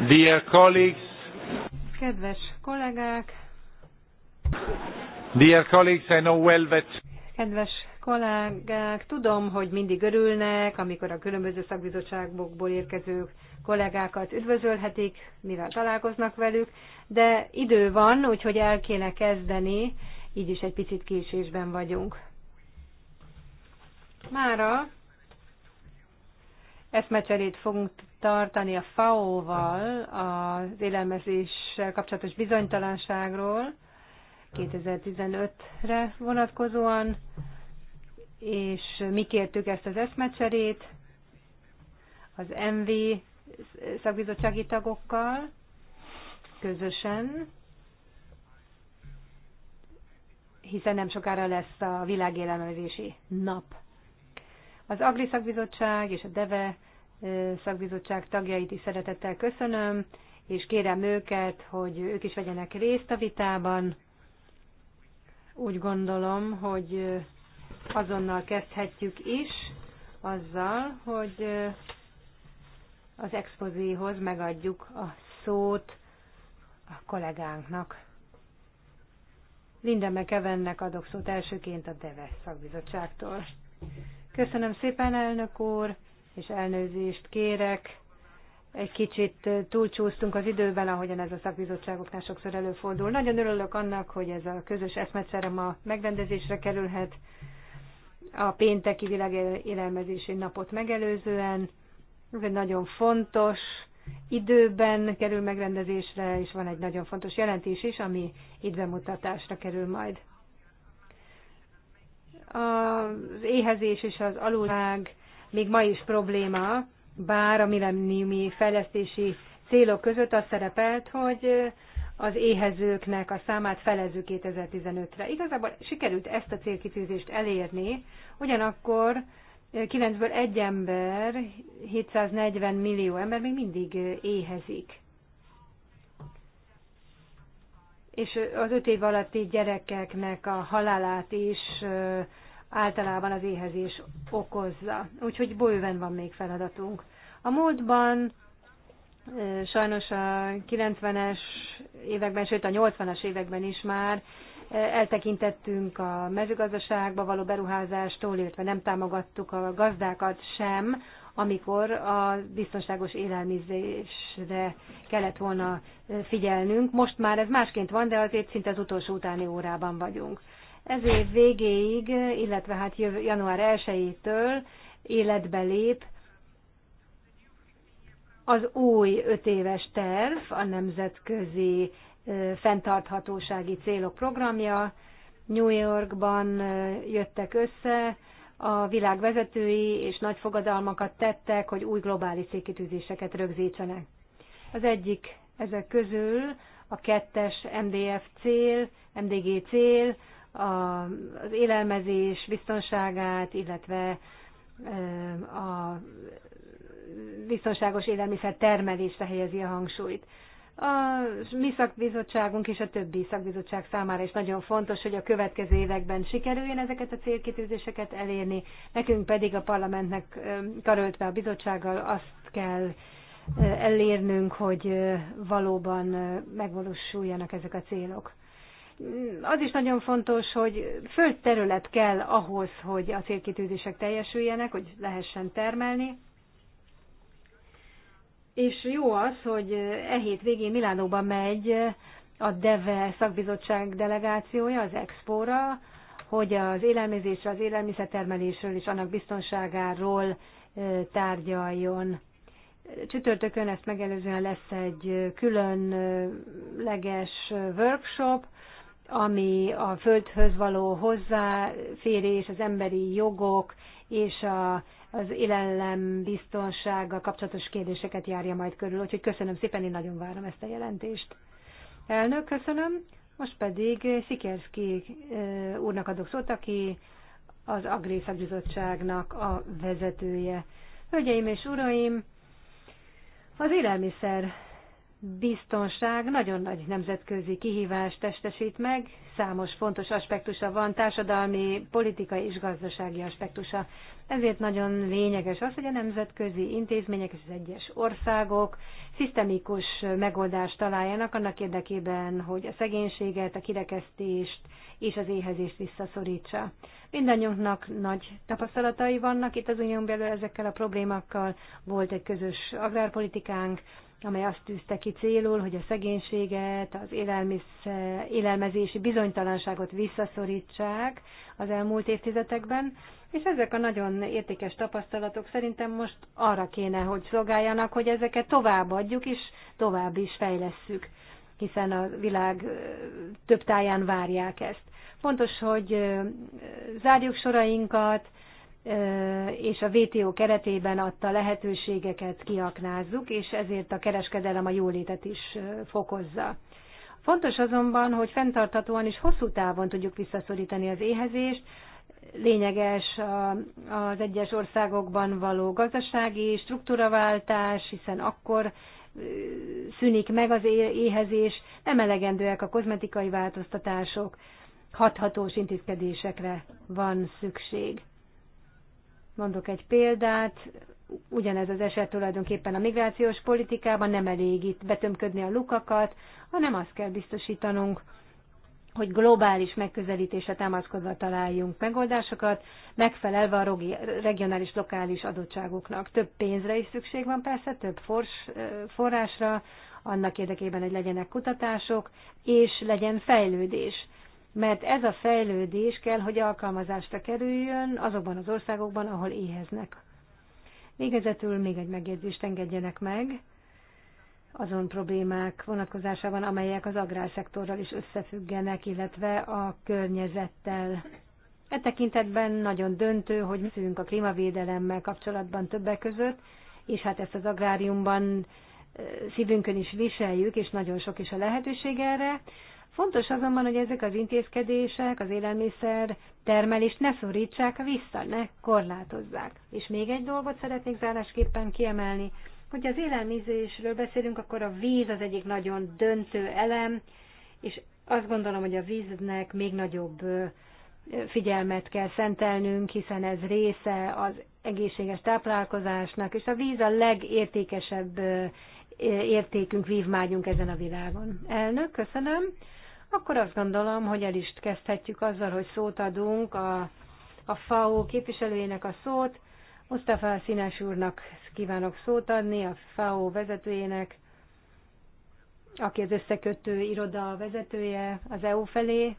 Dear colleagues, Kedves kollégák! Dear colleagues, I know well that... Kedves kollégák, tudom, hogy mindig örülnek, amikor a különböző szakbizottságokból érkező kollégákat üdvözölhetik, mivel találkoznak velük, de idő van, úgyhogy el kéne kezdeni, így is egy picit késésben vagyunk. Mára eszmecserét fogunk tartani a FAO-val az élelmezéssel kapcsolatos bizonytalanságról 2015-re vonatkozóan, és mi kértük ezt az eszmecserét az MV szakbizottsági tagokkal közösen, hiszen nem sokára lesz a világélelmezési nap. Az Agri Szakbizottság és a DEVE szakbizottság tagjait is szeretettel köszönöm, és kérem őket, hogy ők is vegyenek részt a vitában. Úgy gondolom, hogy azonnal kezdhetjük is azzal, hogy az expozéhoz megadjuk a szót a kollégánknak. Linda McEvennek adok szót elsőként a DEVES szakbizottságtól. Köszönöm szépen, elnök úr! és elnőzést kérek. Egy kicsit túlcsúsztunk az időben, ahogyan ez a szakbizottságoknál sokszor előfordul. Nagyon örülök annak, hogy ez a közös eszmetszere ma megrendezésre kerülhet a pénteki világélelmezési napot megelőzően. Ez egy nagyon fontos időben kerül megrendezésre, és van egy nagyon fontos jelentés is, ami itt bemutatásra kerül majd. Az éhezés és az alulság még ma is probléma, bár a millenniumi fejlesztési célok között az szerepelt, hogy az éhezőknek a számát felező 2015-re. Igazából sikerült ezt a célkitűzést elérni, ugyanakkor 9-ből egy ember, 740 millió ember még mindig éhezik. És az öt év alatti gyerekeknek a halálát is általában az éhezés okozza. Úgyhogy bőven van még feladatunk. A múltban sajnos a 90-es években, sőt a 80-as években is már eltekintettünk a mezőgazdaságba való beruházástól, illetve nem támogattuk a gazdákat sem, amikor a biztonságos élelmizésre kellett volna figyelnünk. Most már ez másként van, de azért szinte az utolsó utáni órában vagyunk. Ez év végéig, illetve hát jövő, január 1-től életbe lép az új öt éves terv, a nemzetközi fenntarthatósági célok programja. New Yorkban jöttek össze, a világ vezetői és nagy fogadalmakat tettek, hogy új globális célkitűzéseket rögzítsenek. Az egyik ezek közül a kettes MDF cél, MDG cél, a, az élelmezés biztonságát, illetve a biztonságos élelmiszer termelésre helyezi a hangsúlyt. A mi szakbizottságunk és a többi szakbizottság számára is nagyon fontos, hogy a következő években sikerüljön ezeket a célkitűzéseket elérni, nekünk pedig a parlamentnek karöltve a bizottsággal azt kell elérnünk, hogy valóban megvalósuljanak ezek a célok az is nagyon fontos, hogy földterület kell ahhoz, hogy a célkitűzések teljesüljenek, hogy lehessen termelni. És jó az, hogy e hét végén Milánóba megy a DEVE szakbizottság delegációja az Expóra, hogy az élelmezésről, az élelmiszertermelésről és annak biztonságáról tárgyaljon. Csütörtökön ezt megelőzően lesz egy különleges workshop, ami a földhöz való hozzáférés, az emberi jogok és a, az élelem biztonsága kapcsolatos kérdéseket járja majd körül. Úgyhogy köszönöm szépen, én nagyon várom ezt a jelentést. Elnök, köszönöm. Most pedig Szikerszki úrnak adok szót, aki az Agrészak Bizottságnak a vezetője. Hölgyeim és uraim, az élelmiszer biztonság nagyon nagy nemzetközi kihívást testesít meg, számos fontos aspektusa van, társadalmi, politikai és gazdasági aspektusa. Ezért nagyon lényeges az, hogy a nemzetközi intézmények és az egyes országok szisztemikus megoldást találjanak annak érdekében, hogy a szegénységet, a kirekesztést és az éhezést visszaszorítsa. Mindannyiunknak nagy tapasztalatai vannak itt az unión belül ezekkel a problémákkal. Volt egy közös agrárpolitikánk, amely azt tűzte ki célul, hogy a szegénységet, az élelmezési bizonytalanságot visszaszorítsák az elmúlt évtizedekben, és ezek a nagyon értékes tapasztalatok szerintem most arra kéne, hogy szolgáljanak, hogy ezeket továbbadjuk és tovább is fejlesszük, hiszen a világ több táján várják ezt. Fontos, hogy zárjuk sorainkat, és a WTO keretében adta lehetőségeket kiaknázzuk, és ezért a kereskedelem a jólétet is fokozza. Fontos azonban, hogy fenntarthatóan és hosszú távon tudjuk visszaszorítani az éhezést, lényeges az egyes országokban való gazdasági struktúraváltás, hiszen akkor szűnik meg az éhezés, nem elegendőek a kozmetikai változtatások, hathatós intézkedésekre van szükség. Mondok egy példát, ugyanez az eset tulajdonképpen a migrációs politikában nem elég itt betömködni a lukakat, hanem azt kell biztosítanunk, hogy globális megközelítésre támaszkodva találjunk megoldásokat, megfelelve a regionális, lokális adottságoknak. Több pénzre is szükség van persze, több fors, forrásra, annak érdekében, hogy legyenek kutatások, és legyen fejlődés mert ez a fejlődés kell, hogy alkalmazásra kerüljön azokban az országokban, ahol éheznek. Végezetül még egy megjegyzést engedjenek meg azon problémák vonatkozásában, amelyek az agrárszektorral is összefüggenek, illetve a környezettel. E tekintetben nagyon döntő, hogy mi a klímavédelemmel kapcsolatban többek között, és hát ezt az agráriumban szívünkön is viseljük, és nagyon sok is a lehetőség erre. Fontos azonban, hogy ezek az intézkedések az élelmiszer termelést ne szorítsák vissza, ne korlátozzák. És még egy dolgot szeretnék zárásképpen kiemelni, hogy az élelmiszerről beszélünk, akkor a víz az egyik nagyon döntő elem, és azt gondolom, hogy a víznek még nagyobb figyelmet kell szentelnünk, hiszen ez része az egészséges táplálkozásnak, és a víz a legértékesebb értékünk, vívmányunk ezen a világon. Elnök, köszönöm akkor azt gondolom, hogy el is kezdhetjük azzal, hogy szót adunk a, a FAO képviselőjének a szót. Mustafa Színes úrnak kívánok szót adni, a FAO vezetőjének, aki az összekötő iroda vezetője az EU felé.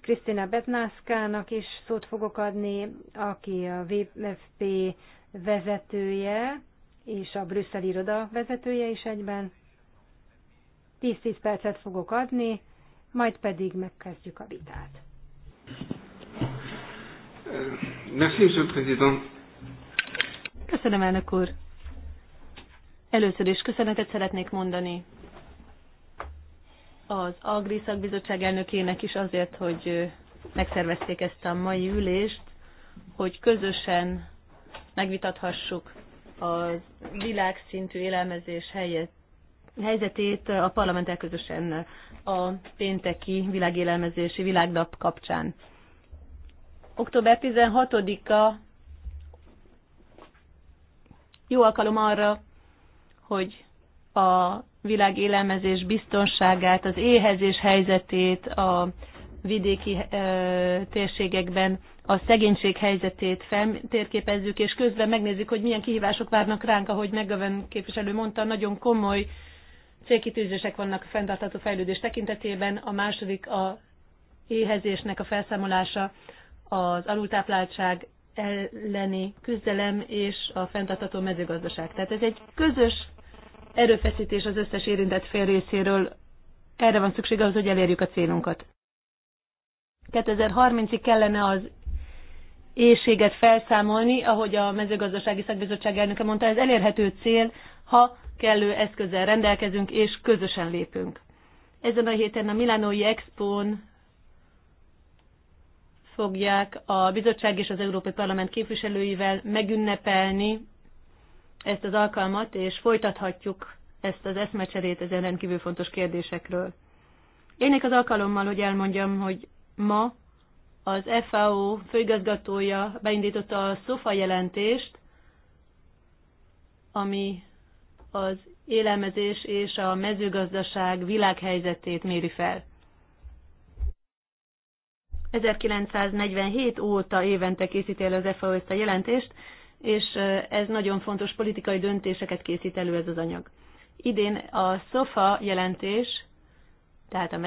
Krisztina Betnászkának is szót fogok adni, aki a WFP vezetője és a brüsszeli iroda vezetője is egyben. 10-10 percet fogok adni, majd pedig megkezdjük a vitát. Merci, Monsieur le Président. Köszönöm, elnök úr. Először is köszönetet szeretnék mondani az Agri Szakbizottság elnökének is azért, hogy megszervezték ezt a mai ülést, hogy közösen megvitathassuk a világszintű élelmezés helyett helyzetét a Parlament közösen a pénteki világélelmezési világnap kapcsán. Október 16-a jó alkalom arra, hogy a világélelmezés biztonságát, az éhezés helyzetét, a vidéki ö, térségekben a szegénység helyzetét feltérképezzük, és közben megnézzük, hogy milyen kihívások várnak ránk, ahogy McGovern képviselő mondta, nagyon komoly célkitűzések vannak a fenntartható fejlődés tekintetében, a második a éhezésnek a felszámolása, az alultápláltság elleni küzdelem és a fenntartható mezőgazdaság. Tehát ez egy közös erőfeszítés az összes érintett fél részéről. Erre van szükség ahhoz, hogy elérjük a célunkat. 2030-ig kellene az éjséget felszámolni, ahogy a mezőgazdasági szakbizottság elnöke mondta, ez elérhető cél, ha kellő eszközzel rendelkezünk és közösen lépünk. Ezen a héten a Milánói n fogják a bizottság és az Európai Parlament képviselőivel megünnepelni ezt az alkalmat, és folytathatjuk ezt az eszmecserét ezen rendkívül fontos kérdésekről. Élnék az alkalommal, hogy elmondjam, hogy ma az FAO főigazgatója beindította a SOFA jelentést, ami az élelmezés és a mezőgazdaság világhelyzetét méri fel. 1947 óta évente készít el az e FAO ezt a jelentést, és ez nagyon fontos politikai döntéseket készít elő ez az anyag. Idén a SOFA jelentés, tehát a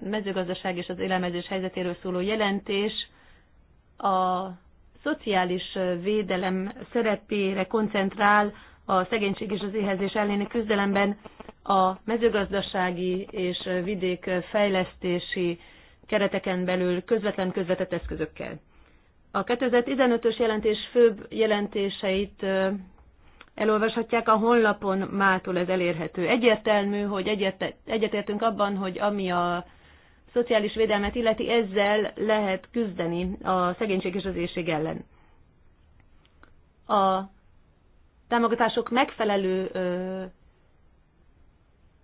mezőgazdaság és az élelmezés helyzetéről szóló jelentés a szociális védelem szerepére koncentrál a szegénység és az éhezés elleni küzdelemben a mezőgazdasági és vidék fejlesztési kereteken belül közvetlen közvetett eszközökkel. A 2015-ös jelentés főbb jelentéseit elolvashatják a honlapon, mától ez elérhető. Egyértelmű, hogy egyet, egyetértünk abban, hogy ami a szociális védelmet illeti, ezzel lehet küzdeni a szegénység és az éjség ellen. A támogatások megfelelő ö,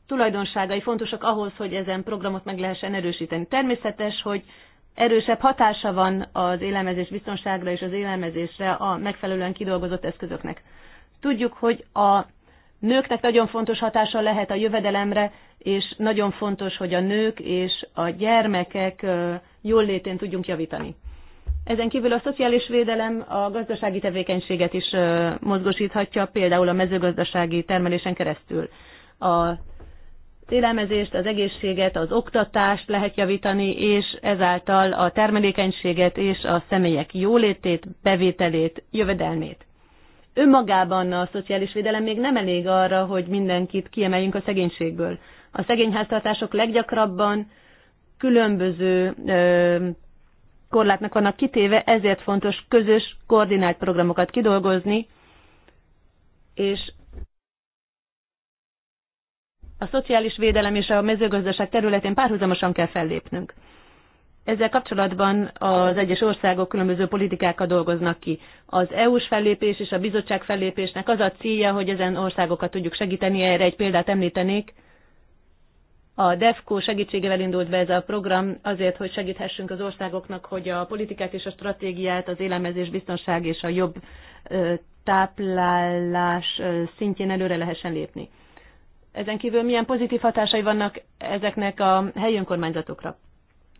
tulajdonságai fontosak ahhoz, hogy ezen programot meg lehessen erősíteni. Természetes, hogy erősebb hatása van az élelmezés biztonságra és az élelmezésre a megfelelően kidolgozott eszközöknek. Tudjuk, hogy a nőknek nagyon fontos hatása lehet a jövedelemre, és nagyon fontos, hogy a nők és a gyermekek jól létén tudjunk javítani. Ezen kívül a szociális védelem a gazdasági tevékenységet is mozgosíthatja, például a mezőgazdasági termelésen keresztül. A élelmezést, az egészséget, az oktatást lehet javítani, és ezáltal a termelékenységet és a személyek jólétét, bevételét, jövedelmét. Önmagában a szociális védelem még nem elég arra, hogy mindenkit kiemeljünk a szegénységből. A szegényháztartások leggyakrabban különböző ö, korlátnak vannak kitéve, ezért fontos közös koordinált programokat kidolgozni, és a szociális védelem és a mezőgazdaság területén párhuzamosan kell fellépnünk. Ezzel kapcsolatban az egyes országok különböző politikákat dolgoznak ki. Az EU-s fellépés és a bizottság fellépésnek az a célja, hogy ezen országokat tudjuk segíteni, erre egy példát említenék, a DEFCO segítségével indult be ez a program azért, hogy segíthessünk az országoknak, hogy a politikát és a stratégiát, az élelmezés, biztonság és a jobb táplálás szintjén előre lehessen lépni. Ezen kívül milyen pozitív hatásai vannak ezeknek a helyi önkormányzatokra?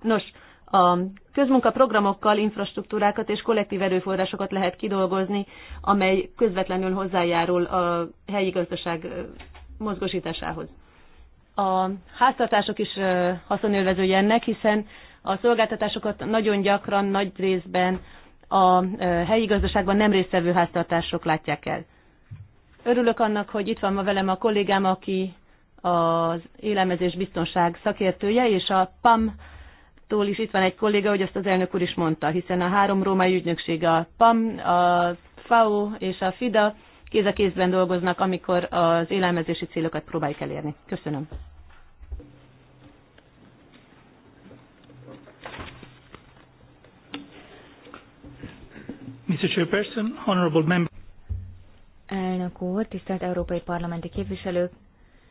Nos, a közmunkaprogramokkal infrastruktúrákat és kollektív erőforrásokat lehet kidolgozni, amely közvetlenül hozzájárul a helyi gazdaság mozgosításához a háztartások is haszonélvezői ennek, hiszen a szolgáltatásokat nagyon gyakran, nagy részben a helyi gazdaságban nem résztvevő háztartások látják el. Örülök annak, hogy itt van ma velem a kollégám, aki az élelmezés biztonság szakértője, és a PAM tól is itt van egy kolléga, hogy ezt az elnök úr is mondta, hiszen a három római ügynökség, a PAM, a FAO és a FIDA kéz a kézben dolgoznak, amikor az élelmezési célokat próbáljuk elérni. Köszönöm. Mr. Chairperson, honorable member. Elnök úr, tisztelt európai parlamenti képviselők,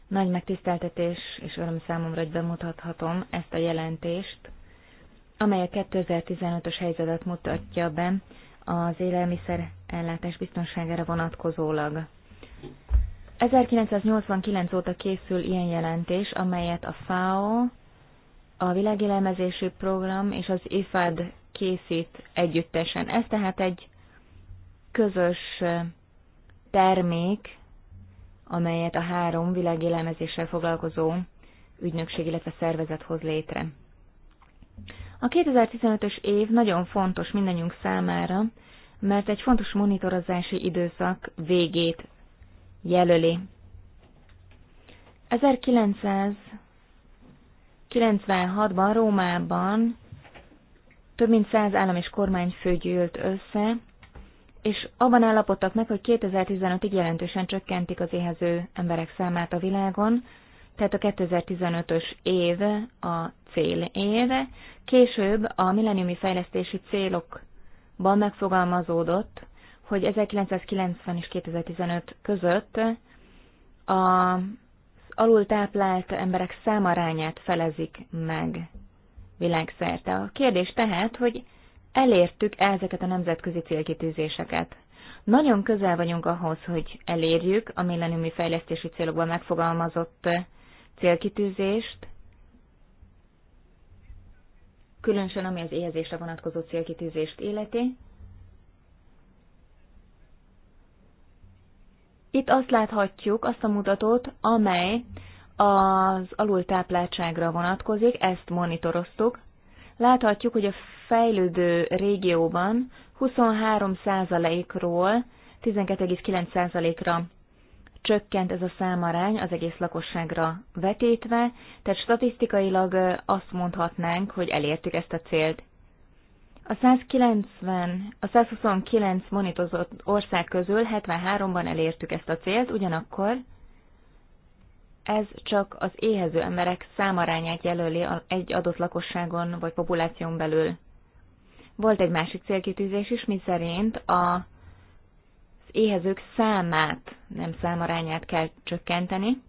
nagy megtiszteltetés és öröm számomra, hogy bemutathatom ezt a jelentést, amely a 2015-ös helyzetet mutatja be az élelmiszer ellátás biztonságára vonatkozólag. 1989 óta készül ilyen jelentés, amelyet a FAO, a Világélelmezési Program és az IFAD készít együttesen. Ez tehát egy közös termék, amelyet a három világélelmezéssel foglalkozó ügynökség, illetve szervezet hoz létre. A 2015-ös év nagyon fontos mindannyiunk számára, mert egy fontos monitorozási időszak végét jelöli. 1996-ban Rómában több mint száz állam és kormányfő gyűlt össze, és abban állapodtak meg, hogy 2015-ig jelentősen csökkentik az éhező emberek számát a világon, tehát a 2015-ös év a cél éve, később a milleniumi fejlesztési célokban megfogalmazódott, hogy 1990 és 2015 között az táplált emberek számarányát felezik meg világszerte. A kérdés tehát, hogy elértük -e ezeket a nemzetközi célkitűzéseket. Nagyon közel vagyunk ahhoz, hogy elérjük a milleniumi fejlesztési célokban megfogalmazott célkitűzést, különösen ami az éhezésre vonatkozó célkitűzést illeti. Itt azt láthatjuk, azt a mutatót, amely az alultápláltságra vonatkozik, ezt monitoroztuk. Láthatjuk, hogy a fejlődő régióban 23%-ról 12,9%-ra csökkent ez a számarány az egész lakosságra vetítve, tehát statisztikailag azt mondhatnánk, hogy elértük ezt a célt. A 190, a 129 monitorozott ország közül 73-ban elértük ezt a célt, ugyanakkor ez csak az éhező emberek számarányát jelöli egy adott lakosságon vagy populáción belül. Volt egy másik célkitűzés is, mi szerint a éhezők számát, nem számarányát kell csökkenteni.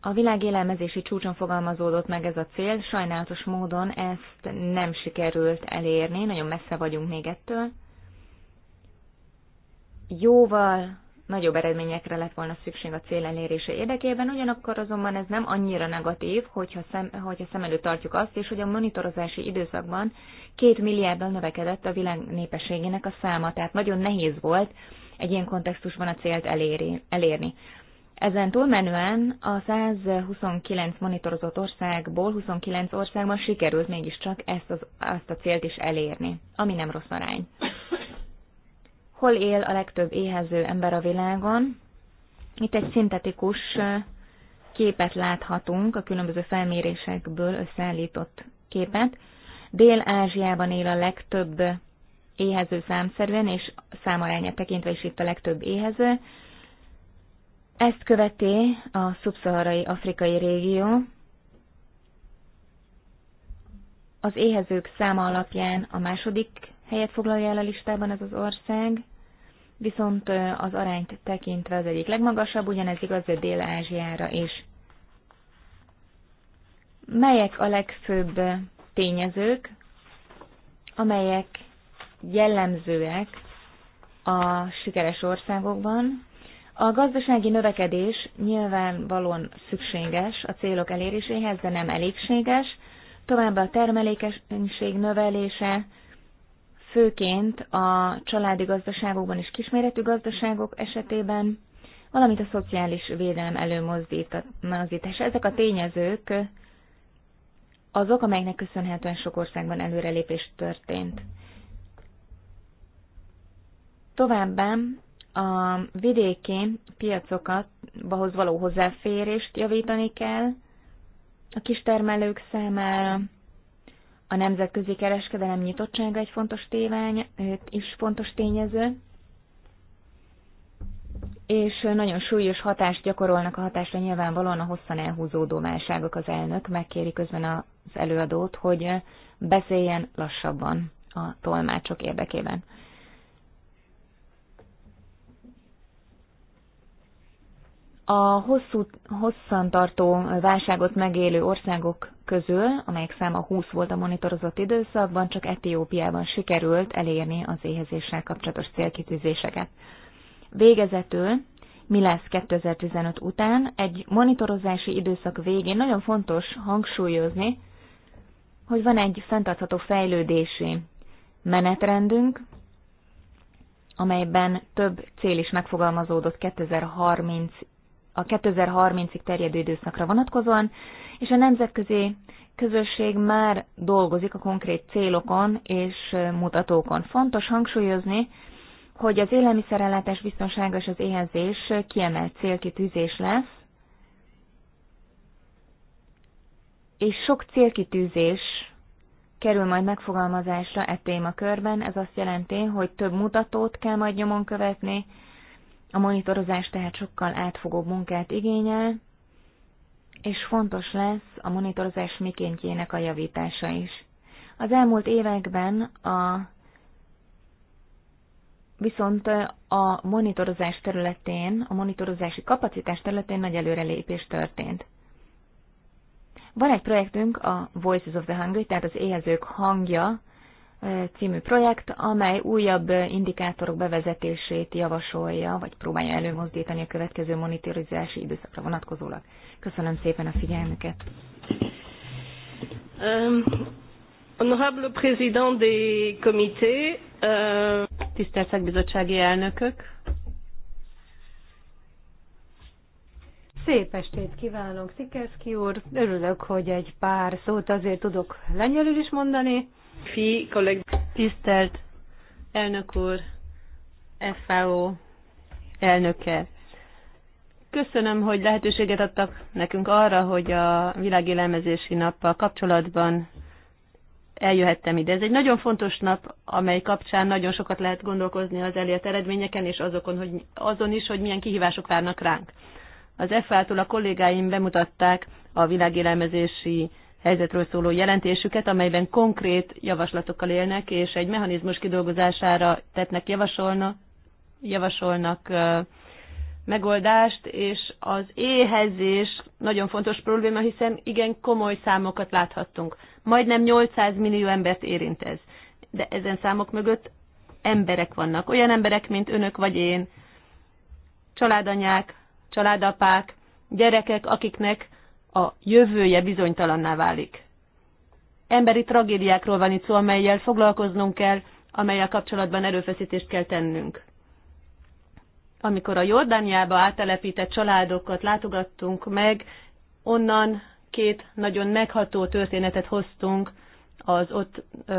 A világ élelmezési csúcson fogalmazódott meg ez a cél, sajnálatos módon ezt nem sikerült elérni, nagyon messze vagyunk még ettől. Jóval nagyobb eredményekre lett volna szükség a cél elérése érdekében, ugyanakkor azonban ez nem annyira negatív, hogyha szem, hogyha szem előtt tartjuk azt is, hogy a monitorozási időszakban két milliárddal növekedett a világ népességének a száma, tehát nagyon nehéz volt egy ilyen kontextusban a célt eléri, elérni. Ezen túlmenően a 129 monitorozott országból 29 országban sikerült mégiscsak ezt, az, ezt a célt is elérni, ami nem rossz arány hol él a legtöbb éhező ember a világon. Itt egy szintetikus képet láthatunk, a különböző felmérésekből összeállított képet. Dél-Ázsiában él a legtöbb éhező számszerűen, és számaránya tekintve is itt a legtöbb éhező. Ezt követi a szubszaharai afrikai régió. Az éhezők száma alapján a második helyet foglalja el a listában ez az ország, viszont az arányt tekintve az egyik legmagasabb, ugyanez igaz Dél-Ázsiára is. Melyek a legfőbb tényezők, amelyek jellemzőek a sikeres országokban? A gazdasági növekedés nyilvánvalóan szükséges a célok eléréséhez, de nem elégséges. Továbbá a termelékenység növelése, főként a családi gazdaságokban és kisméretű gazdaságok esetében, valamint a szociális védelem előmozdítása. Ezek a tényezők azok, amelynek köszönhetően sok országban előrelépés történt. Továbbá a vidéki piacokat, való hozzáférést javítani kell a kistermelők számára, a nemzetközi kereskedelem nyitottsága egy fontos tévány, is fontos tényező, és nagyon súlyos hatást gyakorolnak a hatásra nyilvánvalóan a hosszan elhúzódó válságok az elnök. Megkéri közben az előadót, hogy beszéljen lassabban a tolmácsok érdekében. A hosszú, hosszantartó válságot megélő országok közül, amelyek száma 20 volt a monitorozott időszakban, csak Etiópiában sikerült elérni az éhezéssel kapcsolatos célkitűzéseket. Végezetül mi lesz 2015 után, egy monitorozási időszak végén nagyon fontos hangsúlyozni, hogy van egy fenntartható fejlődési menetrendünk, amelyben több cél is megfogalmazódott 2030 a 2030-ig terjedő időszakra vonatkozóan, és a nemzetközi közösség már dolgozik a konkrét célokon és mutatókon. Fontos hangsúlyozni, hogy az élelmiszerellátás biztonsága és az éhezés kiemelt célkitűzés lesz, és sok célkitűzés kerül majd megfogalmazásra e témakörben. Ez azt jelenti, hogy több mutatót kell majd nyomon követni, a monitorozás tehát sokkal átfogóbb munkát igényel, és fontos lesz a monitorozás mikéntjének a javítása is. Az elmúlt években a Viszont a monitorozás területén, a monitorozási kapacitás területén nagy előrelépés történt. Van egy projektünk, a Voices of the Hungry, tehát az éhezők hangja című projekt, amely újabb indikátorok bevezetését javasolja, vagy próbálja előmozdítani a következő monitorozási időszakra vonatkozólag. Köszönöm szépen a figyelmüket. honorable président des comités, tisztelt szakbizottsági elnökök, Szép estét kívánok, Szikerszki úr! Örülök, hogy egy pár szót azért tudok lengyelül is mondani. Fi, kolleg... Tisztelt elnök úr, FAO elnöke. Köszönöm, hogy lehetőséget adtak nekünk arra, hogy a világélelmezési nappal kapcsolatban eljöhettem ide. Ez egy nagyon fontos nap, amely kapcsán nagyon sokat lehet gondolkozni az elért eredményeken, és azokon, hogy, azon is, hogy milyen kihívások várnak ránk. Az FA-tól a kollégáim bemutatták a világélelmezési helyzetről szóló jelentésüket, amelyben konkrét javaslatokkal élnek, és egy mechanizmus kidolgozására tettnek javasolna, javasolnak megoldást, és az éhezés nagyon fontos probléma, hiszen igen komoly számokat láthattunk. Majdnem 800 millió embert érint ez. De ezen számok mögött emberek vannak. Olyan emberek, mint önök vagy én, családanyák, családapák, gyerekek, akiknek a jövője bizonytalanná válik. Emberi tragédiákról van itt szó, amelyel foglalkoznunk kell, amelyel kapcsolatban erőfeszítést kell tennünk. Amikor a Jordániába áttelepített családokat látogattunk meg, onnan két nagyon megható történetet hoztunk az ott ö,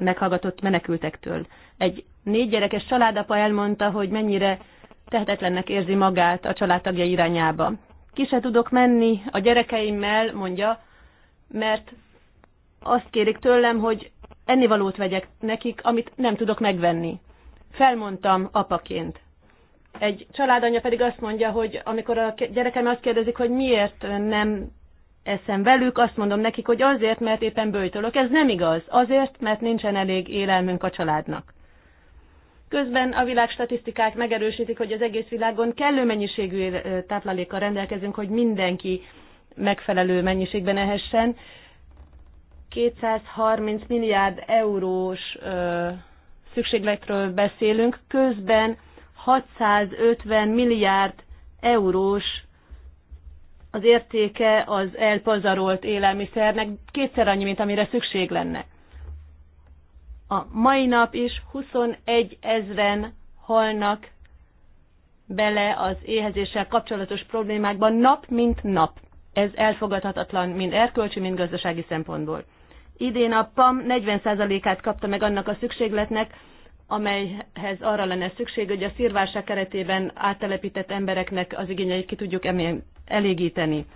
meghallgatott menekültektől. Egy négy gyerekes családapa elmondta, hogy mennyire tehetetlennek érzi magát a családtagja irányába. Ki se tudok menni a gyerekeimmel, mondja, mert azt kérik tőlem, hogy ennivalót vegyek nekik, amit nem tudok megvenni. Felmondtam apaként. Egy családanya pedig azt mondja, hogy amikor a gyerekem azt kérdezik, hogy miért nem eszem velük, azt mondom nekik, hogy azért, mert éppen bőjtölök. Ez nem igaz. Azért, mert nincsen elég élelmünk a családnak. Közben a világ statisztikák megerősítik, hogy az egész világon kellő mennyiségű táplálékkal rendelkezünk, hogy mindenki megfelelő mennyiségben ehessen. 230 milliárd eurós ö, szükségletről beszélünk, közben 650 milliárd eurós az értéke az elpazarolt élelmiszernek, kétszer annyi, mint amire szükség lenne. A mai nap is 21 ezren halnak bele az éhezéssel kapcsolatos problémákban nap mint nap. Ez elfogadhatatlan mind erkölcsi, mind gazdasági szempontból. Idén a PAM 40%-át kapta meg annak a szükségletnek, amelyhez arra lenne szükség, hogy a szírválság keretében áttelepített embereknek az igényeit ki tudjuk elégíteni.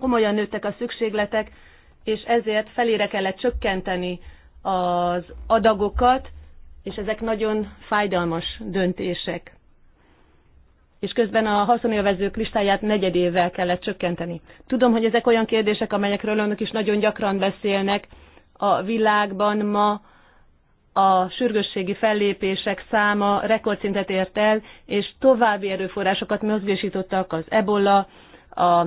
Komolyan nőttek a szükségletek, és ezért felére kellett csökkenteni az adagokat, és ezek nagyon fájdalmas döntések. És közben a haszonélvezők listáját évvel kellett csökkenteni. Tudom, hogy ezek olyan kérdések, amelyekről önök is nagyon gyakran beszélnek. A világban ma a sürgősségi fellépések száma rekordszintet ért el, és további erőforrásokat mozgósítottak az ebola, a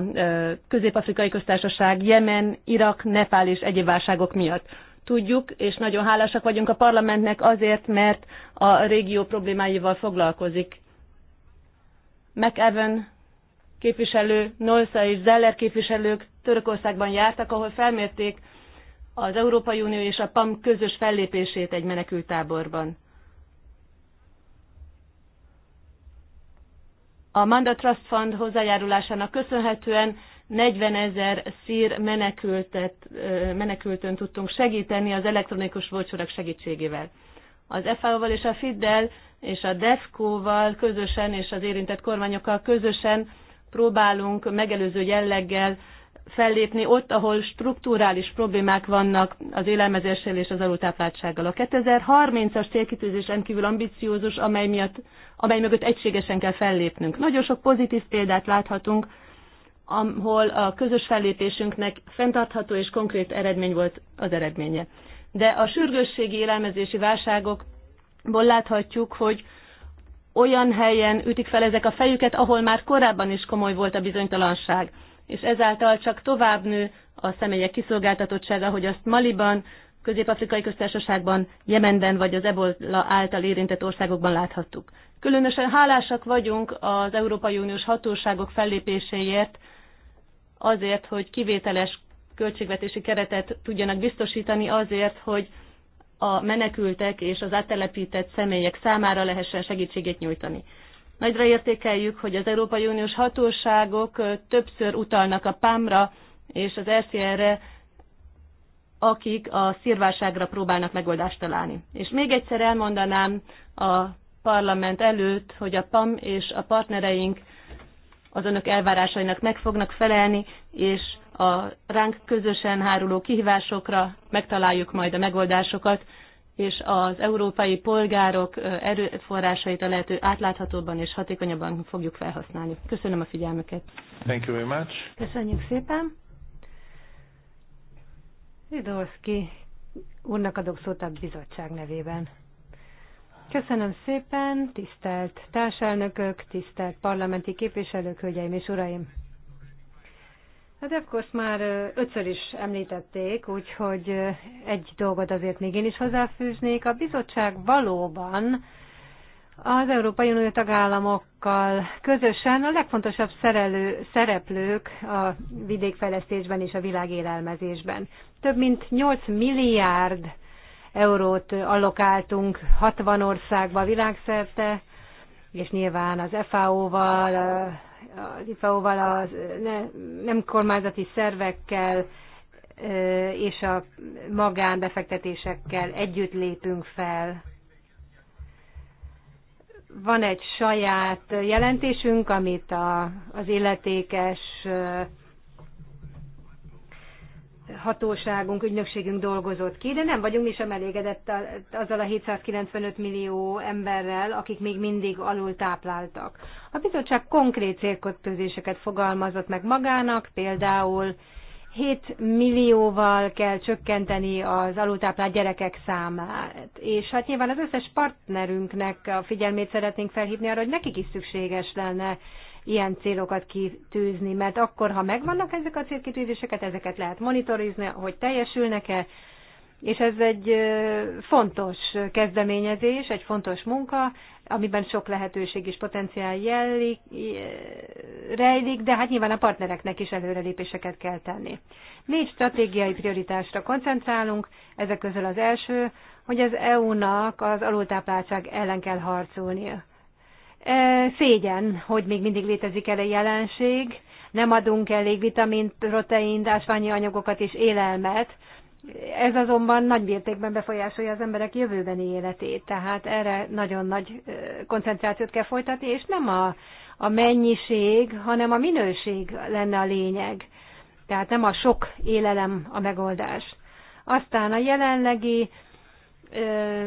Közép-Afrikai Köztársaság, Jemen, Irak, Nepál és egyéb válságok miatt tudjuk, és nagyon hálásak vagyunk a parlamentnek azért, mert a régió problémáival foglalkozik. McEwen képviselő, Nolsa és Zeller képviselők Törökországban jártak, ahol felmérték az Európai Unió és a PAM közös fellépését egy menekültáborban. A Manda Trust Fund hozzájárulásának köszönhetően 40 ezer szír menekültet, menekültön tudtunk segíteni az elektronikus voucherek segítségével. Az FAO-val és a fid és a DEFCO-val közösen és az érintett kormányokkal közösen próbálunk megelőző jelleggel fellépni ott, ahol strukturális problémák vannak az élelmezéssel és az alultápláltsággal. A 2030-as célkitűzés rendkívül ambiciózus, amely, miatt, amely mögött egységesen kell fellépnünk. Nagyon sok pozitív példát láthatunk ahol a közös fellépésünknek fenntartható és konkrét eredmény volt az eredménye. De a sürgősségi élelmezési válságokból láthatjuk, hogy olyan helyen ütik fel ezek a fejüket, ahol már korábban is komoly volt a bizonytalanság, és ezáltal csak tovább nő a személyek kiszolgáltatottsága, hogy azt Maliban, Közép-Afrikai Köztársaságban, Jemenben vagy az ebola által érintett országokban láthattuk. Különösen hálásak vagyunk az Európai Uniós hatóságok fellépéséért azért, hogy kivételes költségvetési keretet tudjanak biztosítani azért, hogy a menekültek és az áttelepített személyek számára lehessen segítséget nyújtani. Nagyra értékeljük, hogy az Európai Uniós hatóságok többször utalnak a PAM-ra és az RCR-re, akik a szírválságra próbálnak megoldást találni. És még egyszer elmondanám a parlament előtt, hogy a PAM és a partnereink az önök elvárásainak meg fognak felelni, és a ránk közösen háruló kihívásokra megtaláljuk majd a megoldásokat, és az európai polgárok erőforrásait a lehető átláthatóbban és hatékonyabban fogjuk felhasználni. Köszönöm a figyelmüket. Thank you very much. Köszönjük szépen. Zsidorszki úrnak adok szót a bizottság nevében. Köszönöm szépen, tisztelt társelnökök, tisztelt parlamenti képviselők, hölgyeim és uraim! Hát a Defkos már ötször is említették, úgyhogy egy dolgot azért még én is hozzáfűznék. A bizottság valóban az Európai Unió tagállamokkal közösen a legfontosabb szerelő, szereplők a vidékfejlesztésben és a világélelmezésben. Több mint 8 milliárd eurót allokáltunk 60 országba világszerte, és nyilván az FAO-val, az fao val a nem kormányzati szervekkel és a magánbefektetésekkel együtt lépünk fel. Van egy saját jelentésünk, amit a, az illetékes hatóságunk, ügynökségünk dolgozott ki, de nem vagyunk mi sem elégedett azzal a 795 millió emberrel, akik még mindig alul tápláltak. A bizottság konkrét célkötőzéseket fogalmazott meg magának, például 7 millióval kell csökkenteni az alultáplált gyerekek számát. És hát nyilván az összes partnerünknek a figyelmét szeretnénk felhívni arra, hogy nekik is szükséges lenne ilyen célokat kitűzni, mert akkor, ha megvannak ezek a célkitűzéseket, ezeket lehet monitorizni, hogy teljesülnek-e, és ez egy fontos kezdeményezés, egy fontos munka, amiben sok lehetőség és potenciál jellik, rejlik, de hát nyilván a partnereknek is előrelépéseket kell tenni. Négy stratégiai prioritásra koncentrálunk, ezek közül az első, hogy az EU-nak az alultápláltság ellen kell harcolnia. Szégyen, hogy még mindig létezik el a jelenség, nem adunk elég vitamint, protein, ásványi anyagokat és élelmet. Ez azonban nagy mértékben befolyásolja az emberek jövőbeni életét, tehát erre nagyon nagy koncentrációt kell folytatni, és nem a, a mennyiség, hanem a minőség lenne a lényeg. Tehát nem a sok élelem a megoldás. Aztán a jelenlegi Ö,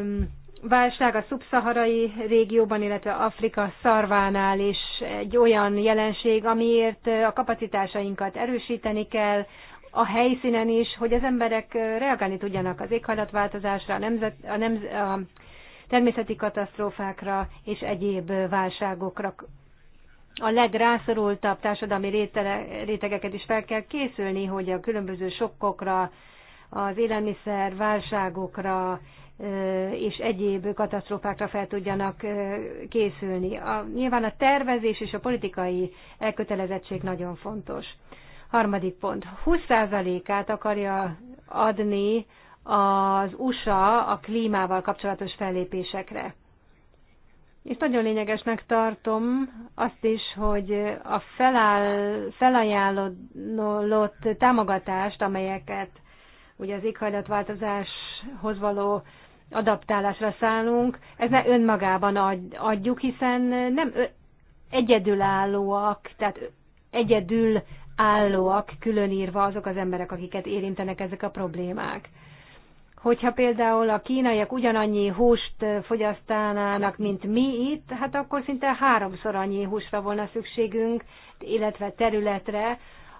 válság a szubszaharai régióban, illetve Afrika szarvánál is egy olyan jelenség, amiért a kapacitásainkat erősíteni kell, a helyszínen is, hogy az emberek reagálni tudjanak az éghajlatváltozásra, a, nemzet, a, nemz, a természeti katasztrófákra és egyéb válságokra. A legrászorultabb társadalmi rétele, rétegeket is fel kell készülni, hogy a különböző sokkokra, az élelmiszer válságokra, és egyéb katasztrófákra fel tudjanak készülni. A, nyilván a tervezés és a politikai elkötelezettség nagyon fontos. Harmadik pont. 20%-át akarja adni az USA a klímával kapcsolatos fellépésekre. És nagyon lényegesnek tartom azt is, hogy a feláll, felajánlott támogatást, amelyeket ugye az éghajlatváltozáshoz való adaptálásra szállunk, ez ne önmagában adjuk, hiszen nem egyedülállóak, tehát egyedül állóak különírva azok az emberek, akiket érintenek ezek a problémák. Hogyha például a kínaiak ugyanannyi húst fogyasztánának, mint mi itt, hát akkor szinte háromszor annyi húsra volna szükségünk, illetve területre,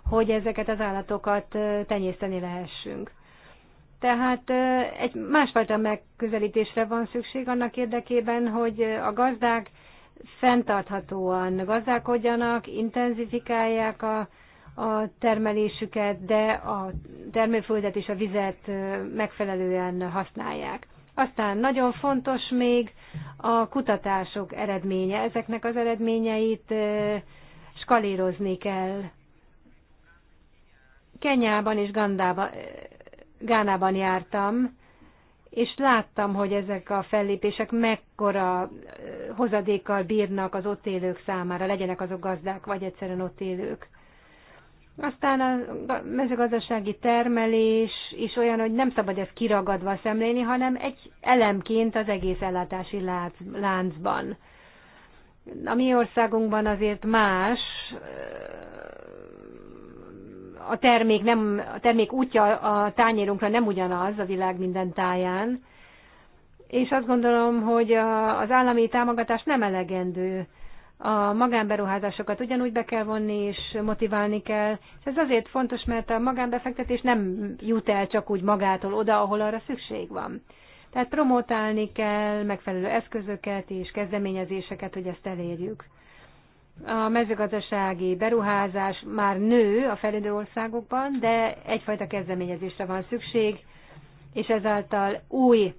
hogy ezeket az állatokat tenyészteni lehessünk. Tehát egy másfajta megközelítésre van szükség annak érdekében, hogy a gazdák fenntarthatóan gazdálkodjanak, intenzifikálják a, a termelésüket, de a termőföldet és a vizet megfelelően használják. Aztán nagyon fontos még a kutatások eredménye. Ezeknek az eredményeit skalírozni kell. Kenyában és Gandában, Gánában jártam, és láttam, hogy ezek a fellépések mekkora hozadékkal bírnak az ott élők számára, legyenek azok gazdák, vagy egyszerűen ott élők. Aztán a mezőgazdasági termelés is olyan, hogy nem szabad ezt kiragadva szemlélni, hanem egy elemként az egész ellátási láncban. A mi országunkban azért más a termék, nem, a termék útja a tányérunkra nem ugyanaz a világ minden táján, és azt gondolom, hogy az állami támogatás nem elegendő. A magánberuházásokat ugyanúgy be kell vonni, és motiválni kell. És ez azért fontos, mert a magánbefektetés nem jut el csak úgy magától oda, ahol arra szükség van. Tehát promotálni kell megfelelő eszközöket és kezdeményezéseket, hogy ezt elérjük. A mezőgazdasági beruházás már nő a fejlődő országokban, de egyfajta kezdeményezésre van szükség, és ezáltal új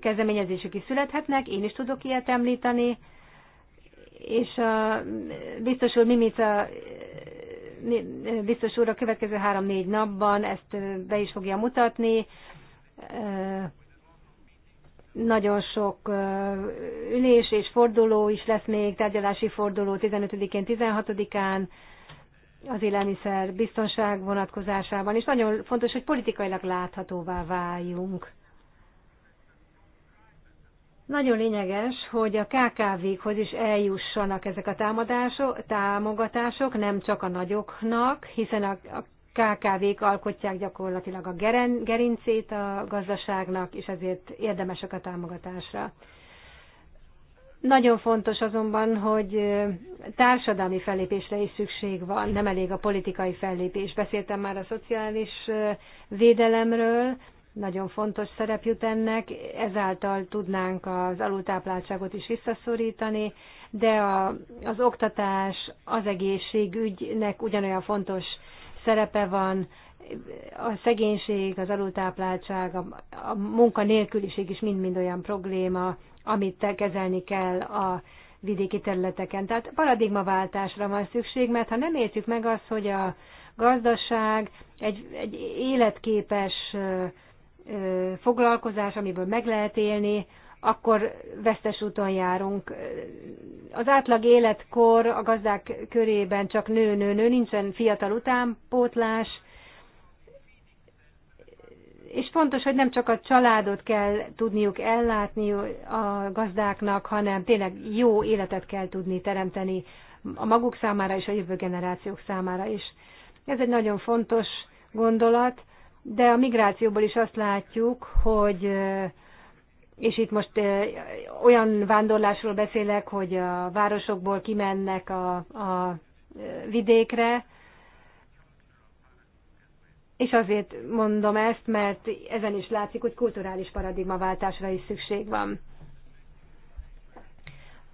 kezdeményezések is születhetnek, én is tudok ilyet említeni, és a, biztos úr Mimica biztos úr a következő három-négy napban ezt be is fogja mutatni, nagyon sok ülés és forduló is lesz még, tárgyalási forduló 15-én, 16-án az élelmiszer biztonság vonatkozásában, és nagyon fontos, hogy politikailag láthatóvá váljunk. Nagyon lényeges, hogy a KKV-khoz is eljussanak ezek a támadások, támogatások, nem csak a nagyoknak, hiszen a KKV-k alkotják gyakorlatilag a gerincét a gazdaságnak, és ezért érdemesek a támogatásra. Nagyon fontos azonban, hogy társadalmi fellépésre is szükség van, nem elég a politikai fellépés. Beszéltem már a szociális védelemről, nagyon fontos szerep jut ennek, ezáltal tudnánk az alultápláltságot is visszaszorítani, de a, az oktatás, az egészségügynek ugyanolyan fontos szerepe van, a szegénység, az alultápláltság, a, a munkanélküliség is mind-mind olyan probléma, amit kezelni kell a vidéki területeken. Tehát paradigmaváltásra van szükség, mert ha nem értjük meg azt, hogy a gazdaság egy, egy életképes foglalkozás, amiből meg lehet élni, akkor vesztes úton járunk. Az átlag életkor a gazdák körében csak nő-nő-nő, nincsen fiatal utánpótlás, és fontos, hogy nem csak a családot kell tudniuk ellátni a gazdáknak, hanem tényleg jó életet kell tudni teremteni a maguk számára és a jövő generációk számára is. Ez egy nagyon fontos gondolat, de a migrációból is azt látjuk, hogy és itt most olyan vándorlásról beszélek, hogy a városokból kimennek a, a vidékre, és azért mondom ezt, mert ezen is látszik, hogy kulturális paradigmaváltásra is szükség van.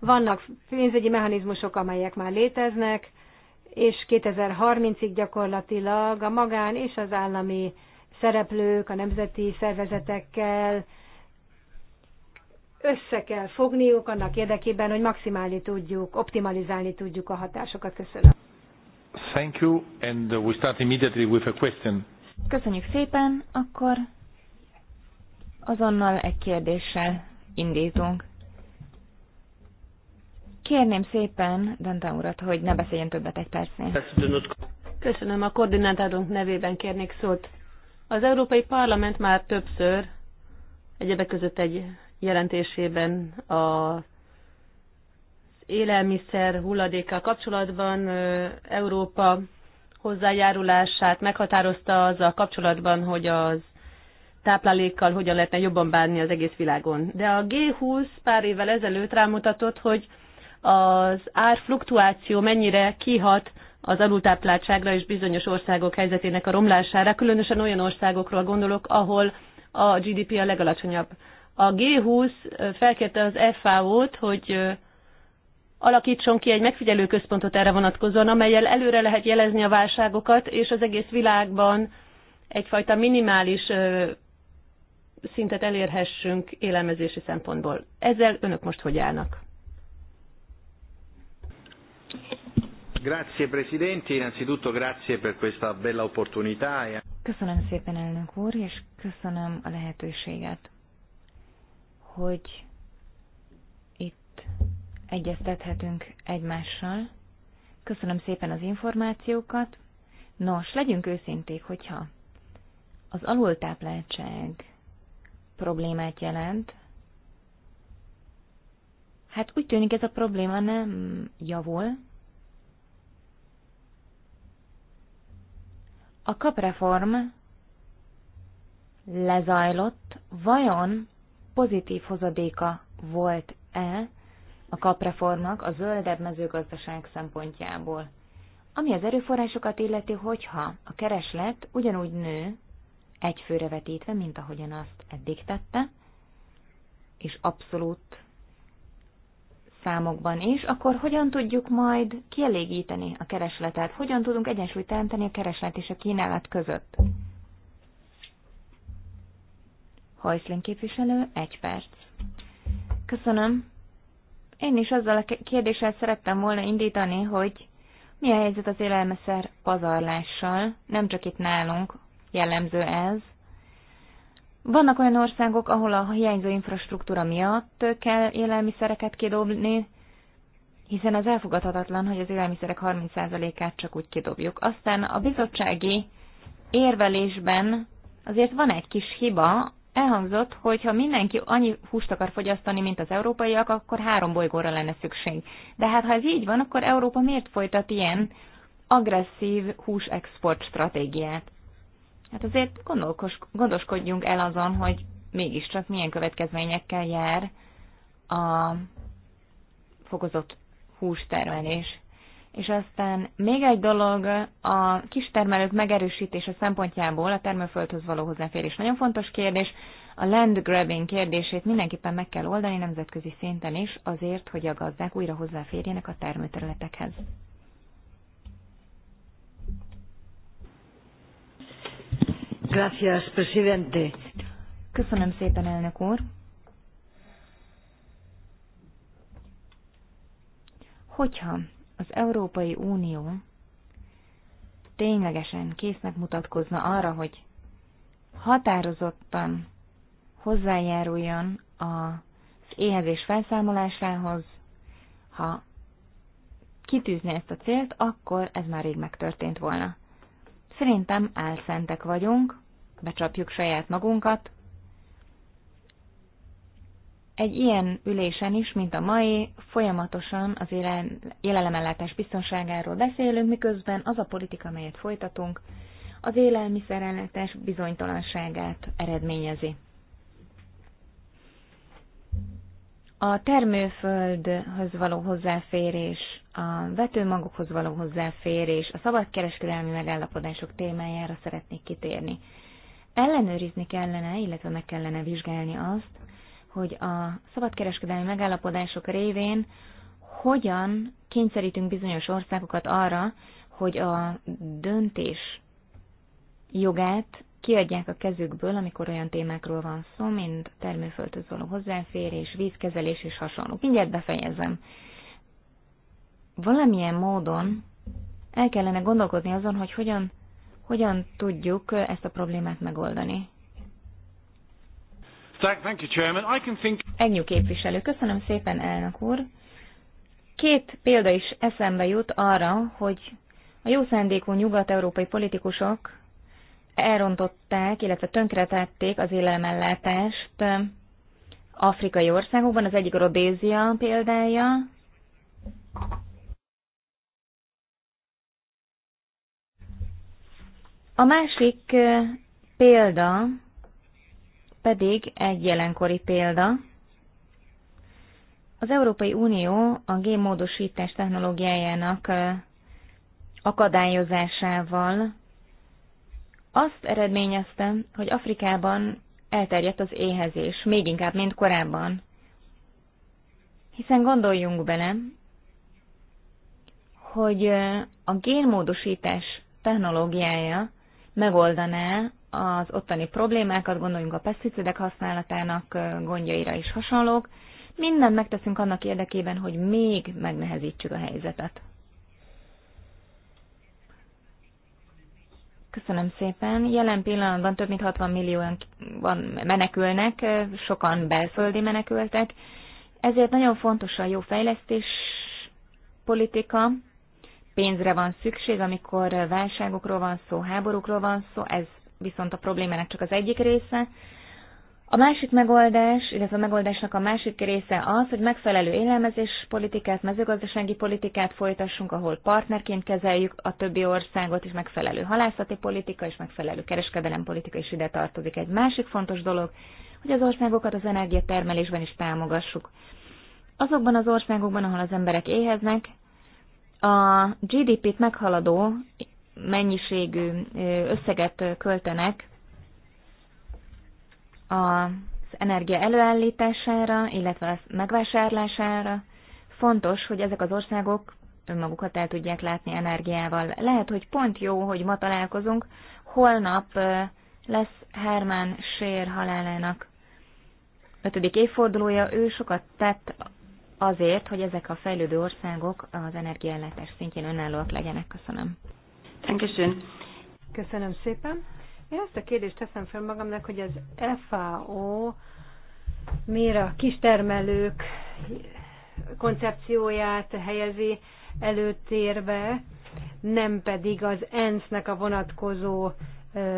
Vannak pénzügyi mechanizmusok, amelyek már léteznek, és 2030-ig gyakorlatilag a magán és az állami szereplők, a nemzeti szervezetekkel, össze kell fogniuk annak érdekében, hogy maximálni tudjuk, optimalizálni tudjuk a hatásokat. Köszönöm. Thank you, and we start immediately with a question. Köszönjük szépen, akkor azonnal egy kérdéssel indítunk. Kérném szépen Danta urat, hogy ne beszéljen többet egy percnél. Köszönöm, a koordinátorunk nevében kérnék szót. Az Európai Parlament már többször, egyebek között egy jelentésében a élelmiszer hulladékkal kapcsolatban Európa hozzájárulását meghatározta azzal kapcsolatban, hogy az táplálékkal hogyan lehetne jobban bánni az egész világon. De a G20 pár évvel ezelőtt rámutatott, hogy az árfluktuáció mennyire kihat az alultápláltságra és bizonyos országok helyzetének a romlására, különösen olyan országokról gondolok, ahol a GDP a legalacsonyabb a G20 felkérte az FAO-t, hogy alakítson ki egy megfigyelő központot erre vonatkozóan, amelyel előre lehet jelezni a válságokat, és az egész világban egyfajta minimális szintet elérhessünk élelmezési szempontból. Ezzel önök most hogy állnak? Grazie Presidente, innanzitutto grazie per questa bella opportunità. Köszönöm szépen elnök úr, és köszönöm a lehetőséget hogy itt egyeztethetünk egymással. Köszönöm szépen az információkat. Nos, legyünk őszinték, hogyha az alultápláltság problémát jelent, hát úgy tűnik ez a probléma nem javul. A kapreform lezajlott, vajon pozitív hozadéka volt-e a kapreformnak a zöldebb mezőgazdaság szempontjából. Ami az erőforrásokat illeti, hogyha a kereslet ugyanúgy nő, főre vetítve, mint ahogyan azt eddig tette, és abszolút számokban is, akkor hogyan tudjuk majd kielégíteni a keresletet? Hogyan tudunk egyensúlyt teremteni a kereslet és a kínálat között? Hajszlin képviselő, egy perc. Köszönöm. Én is azzal a kérdéssel szerettem volna indítani, hogy mi a helyzet az élelmiszer pazarlással, nem csak itt nálunk jellemző ez. Vannak olyan országok, ahol a hiányzó infrastruktúra miatt kell élelmiszereket kidobni, hiszen az elfogadhatatlan, hogy az élelmiszerek 30%-át csak úgy kidobjuk. Aztán a bizottsági érvelésben azért van egy kis hiba, elhangzott, hogy ha mindenki annyi húst akar fogyasztani, mint az európaiak, akkor három bolygóra lenne szükség. De hát ha ez így van, akkor Európa miért folytat ilyen agresszív húsexport stratégiát? Hát azért gondoskodjunk el azon, hogy mégiscsak milyen következményekkel jár a fokozott hústermelés. És aztán még egy dolog, a kistermelők megerősítése szempontjából a termőföldhöz való hozzáférés nagyon fontos kérdés. A land grabbing kérdését mindenképpen meg kell oldani nemzetközi szinten is, azért, hogy a gazdák újra hozzáférjenek a termőterületekhez. Gracias, presidente. Köszönöm szépen, elnök úr. Hogyha az Európai Unió ténylegesen késznek mutatkozna arra, hogy határozottan hozzájáruljon az éhezés felszámolásához, ha kitűzni ezt a célt, akkor ez már rég megtörtént volna. Szerintem álszentek vagyunk, becsapjuk saját magunkat, egy ilyen ülésen is, mint a mai, folyamatosan az élelemellátás biztonságáról beszélünk, miközben az a politika, amelyet folytatunk, az élelmiszerellátás bizonytalanságát eredményezi. A termőföldhöz való hozzáférés, a vetőmagokhoz való hozzáférés, a szabadkereskedelmi megállapodások témájára szeretnék kitérni. Ellenőrizni kellene, illetve meg kellene vizsgálni azt, hogy a szabadkereskedelmi megállapodások révén hogyan kényszerítünk bizonyos országokat arra, hogy a döntés jogát kiadják a kezükből, amikor olyan témákról van szó, mint termőföldhöz való hozzáférés, vízkezelés és hasonló. Mindjárt befejezem. Valamilyen módon el kellene gondolkodni azon, hogy hogyan, hogyan tudjuk ezt a problémát megoldani. Thank you, Chairman. I can think... Ennyi képviselő. Köszönöm szépen, elnök úr. Két példa is eszembe jut arra, hogy a jó szándékú nyugat-európai politikusok elrontották, illetve tönkretették az élelmellátást afrikai országokban. Az egyik Rodézia példája. A másik példa pedig egy jelenkori példa. Az Európai Unió a génmódosítás technológiájának akadályozásával azt eredményezte, hogy Afrikában elterjedt az éhezés, még inkább, mint korábban. Hiszen gondoljunk bele, hogy a génmódosítás technológiája megoldaná az ottani problémákat, gondoljunk a peszticidek használatának gondjaira is hasonlók. Mindent megteszünk annak érdekében, hogy még megnehezítsük a helyzetet. Köszönöm szépen. Jelen pillanatban több mint 60 millióan menekülnek, sokan belföldi menekültek. Ezért nagyon fontos a jó fejlesztés politika. Pénzre van szükség, amikor válságokról van szó, háborúkról van szó, ez viszont a problémának csak az egyik része. A másik megoldás, illetve a megoldásnak a másik része az, hogy megfelelő élelmezés politikát, mezőgazdasági politikát folytassunk, ahol partnerként kezeljük a többi országot, és megfelelő halászati politika, és megfelelő kereskedelem politika is ide tartozik. Egy másik fontos dolog, hogy az országokat az energiatermelésben is támogassuk. Azokban az országokban, ahol az emberek éheznek, a GDP-t meghaladó mennyiségű összeget költenek az energia előállítására, illetve az megvásárlására. Fontos, hogy ezek az országok önmagukat el tudják látni energiával. Lehet, hogy pont jó, hogy ma találkozunk, holnap lesz Hermán Sér halálának ötödik évfordulója. Ő sokat tett azért, hogy ezek a fejlődő országok az energiaellátás szintjén önállóak legyenek. Köszönöm. Köszönöm. Köszönöm szépen. Én ezt a kérdést teszem fel magamnak, hogy az FAO miért a kistermelők koncepcióját helyezi előtérbe, nem pedig az ENSZ-nek a vonatkozó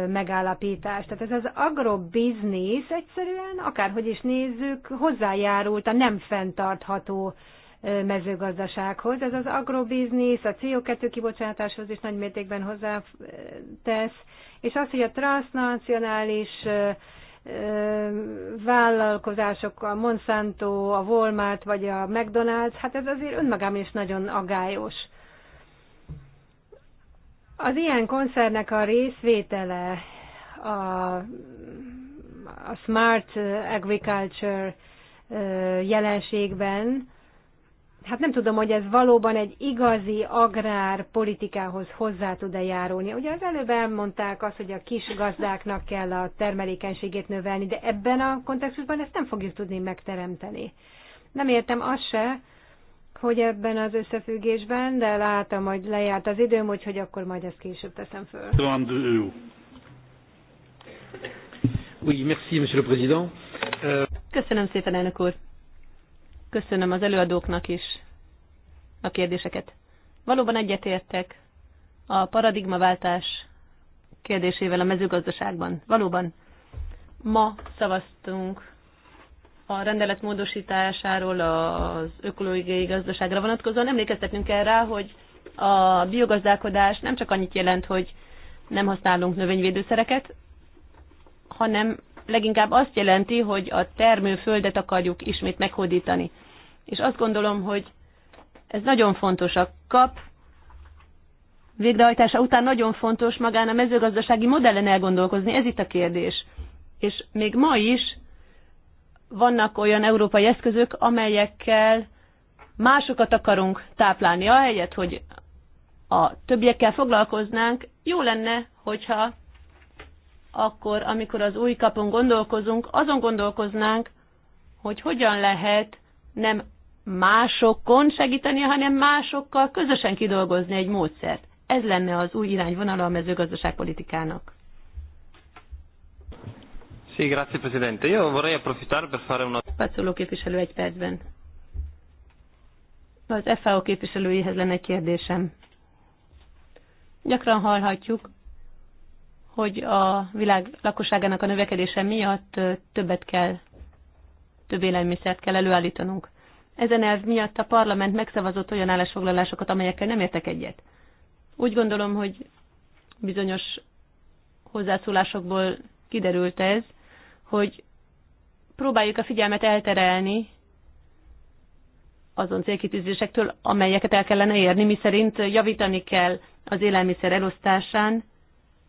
megállapítás. Tehát ez az agrobiznisz egyszerűen, akárhogy is nézzük, hozzájárult a nem fenntartható mezőgazdasághoz. Ez az agrobiznisz, a CO2 kibocsátáshoz is nagy mértékben hozzátesz, és az, hogy a transnacionális vállalkozások, a Monsanto, a Walmart vagy a McDonald's, hát ez azért önmagában is nagyon agályos. Az ilyen koncernek a részvétele a, a Smart Agriculture jelenségben hát nem tudom, hogy ez valóban egy igazi agrárpolitikához hozzá tud-e járulni. Ugye az előbb elmondták azt, hogy a kis gazdáknak kell a termelékenységét növelni, de ebben a kontextusban ezt nem fogjuk tudni megteremteni. Nem értem azt se, hogy ebben az összefüggésben, de látom, hogy lejárt az időm, úgyhogy akkor majd ezt később teszem föl. Euh, Köszönöm szépen, elnök úr. Köszönöm az előadóknak is a kérdéseket. Valóban egyetértek a paradigmaváltás kérdésével a mezőgazdaságban. Valóban ma szavaztunk a rendelet módosításáról az ökológiai gazdaságra vonatkozóan. Emlékeztetnünk kell rá, hogy a biogazdálkodás nem csak annyit jelent, hogy nem használunk növényvédőszereket, hanem leginkább azt jelenti, hogy a termőföldet akarjuk ismét meghódítani. És azt gondolom, hogy ez nagyon fontos. A kap végrehajtása után nagyon fontos magán a mezőgazdasági modellen elgondolkozni, ez itt a kérdés. És még ma is vannak olyan európai eszközök, amelyekkel másokat akarunk táplálni. Ahelyett, hogy a többiekkel foglalkoznánk, jó lenne, hogyha akkor, amikor az új kapon gondolkozunk, azon gondolkoznánk, hogy hogyan lehet nem másokon segíteni, hanem másokkal közösen kidolgozni egy módszert. Ez lenne az új irányvonala a mezőgazdaságpolitikának. Sí, grazie Presidente. Io vorrei approfittare per fare una... Pacoló képviselő egy percben. Az FAO képviselőihez lenne egy kérdésem. Gyakran hallhatjuk, hogy a világ lakosságának a növekedése miatt többet kell, több élelmiszert kell előállítanunk. Ezen elv miatt a parlament megszavazott olyan állásfoglalásokat, amelyekkel nem értek egyet. Úgy gondolom, hogy bizonyos hozzászólásokból kiderült ez, hogy próbáljuk a figyelmet elterelni azon célkitűzésektől, amelyeket el kellene érni, miszerint javítani kell az élelmiszer elosztásán,